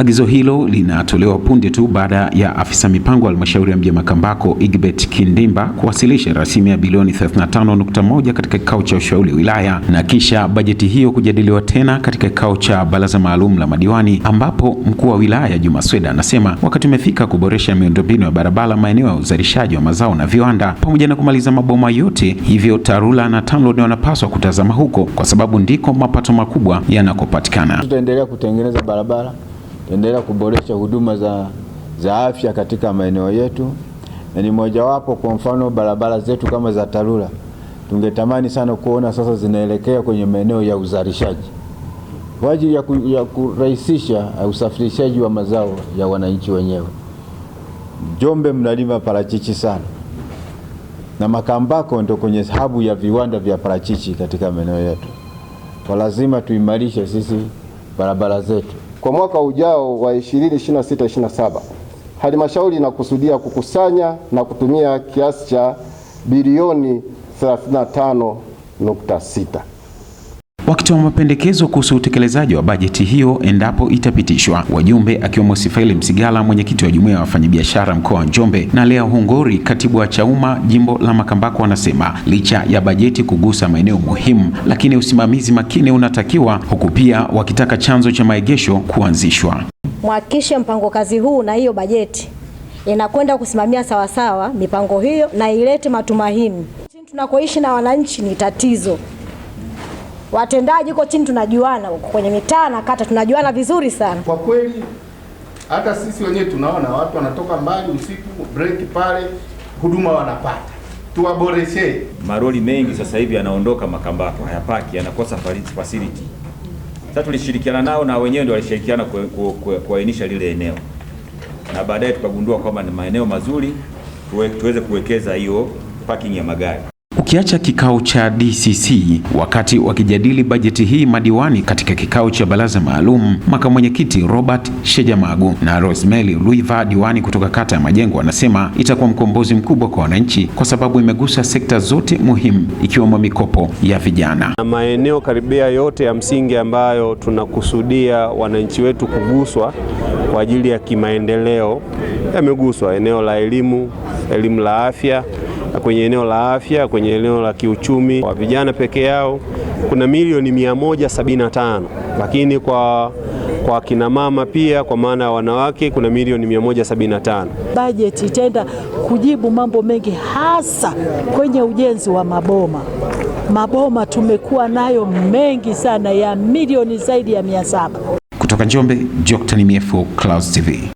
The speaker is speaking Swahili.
Agizo hilo linatolewa punde tu baada ya afisa mipango wa halmashauri ya mji wa Makambako Igbet Kindimba kuwasilisha rasimu ya bilioni 35.1 katika kikao cha ushauri wilaya na kisha bajeti hiyo kujadiliwa tena katika kikao cha baraza maalum la madiwani, ambapo mkuu wa wilaya Juma Sweda anasema wakati umefika kuboresha miundombinu ya barabara, maeneo ya uzalishaji wa mazao na viwanda, pamoja na kumaliza maboma yote. Hivyo TARURA na TANROADS wanapaswa kutazama huko kwa sababu ndiko mapato makubwa yanakopatikana. Tutaendelea kutengeneza barabara endelea kuboresha huduma za, za afya katika maeneo yetu, na ni mojawapo. Kwa mfano barabara zetu kama za TARURA tungetamani sana kuona sasa zinaelekea kwenye maeneo ya uzalishaji kwa ajili ya, ku, ya kurahisisha usafirishaji wa mazao ya wananchi wenyewe. Njombe mnalima parachichi sana na Makambako ndio kwenye habu ya viwanda vya parachichi katika maeneo yetu, kwa lazima tuimarishe sisi barabara zetu. Kwa mwaka ujao wa 2026 27 halmashauri inakusudia kukusanya na kutumia kiasi cha bilioni 35.6 wakitoa mapendekezo kuhusu utekelezaji wa bajeti hiyo endapo itapitishwa. Wajumbe akiwemo Sifaili Msigala, mwenyekiti wa jumuiya ya wafanyabiashara mkoa wa Njombe, na Lea Hungori, katibu wa Chauma jimbo la Makambako, wanasema licha ya bajeti kugusa maeneo muhimu, lakini usimamizi makini unatakiwa, huku pia wakitaka chanzo cha maegesho kuanzishwa. Mwakishe mpango kazi huu na hiyo bajeti inakwenda kusimamia sawasawa mipango hiyo na ilete matumaini. Tunakoishi na wananchi ni tatizo watendaji huko chini tunajuana, huko kwenye mitaa na kata tunajuana vizuri sana kwa kweli. Hata sisi wenyewe tunaona watu wanatoka mbali usiku break pale, huduma wanapata, tuwaboreshe. Maroli mengi sasa hivi yanaondoka Makambako, hayapaki, yanakosa facility. Sasa tulishirikiana nao na wenyewe ndio walishirikiana kuainisha lile eneo, na baadaye tukagundua kwamba ni maeneo mazuri tuwe, tuweze kuwekeza hiyo parking ya magari. Ukiacha kikao cha DCC wakati wakijadili bajeti hii, madiwani katika kikao cha baraza maalum, makamu mwenyekiti Robert Shejamagu na Rosemary Luiva, diwani kutoka kata ya Majengo, anasema itakuwa mkombozi mkubwa kwa wananchi kwa sababu imegusa sekta zote muhimu ikiwemo mikopo ya vijana na maeneo karibia yote ya msingi ambayo tunakusudia wananchi wetu kuguswa kwa ajili ya kimaendeleo yameguswa: eneo la elimu, elimu la afya kwenye eneo la afya, kwenye eneo la kiuchumi kwa vijana peke yao kuna milioni 175, lakini kwa kwa kina mama pia kwa maana ya wanawake kuna milioni 175. Bajeti itaenda kujibu mambo mengi, hasa kwenye ujenzi wa maboma. Maboma tumekuwa nayo mengi sana ya milioni zaidi ya mia saba. Kutoka Njombe, Joctan Myefu, Clouds TV.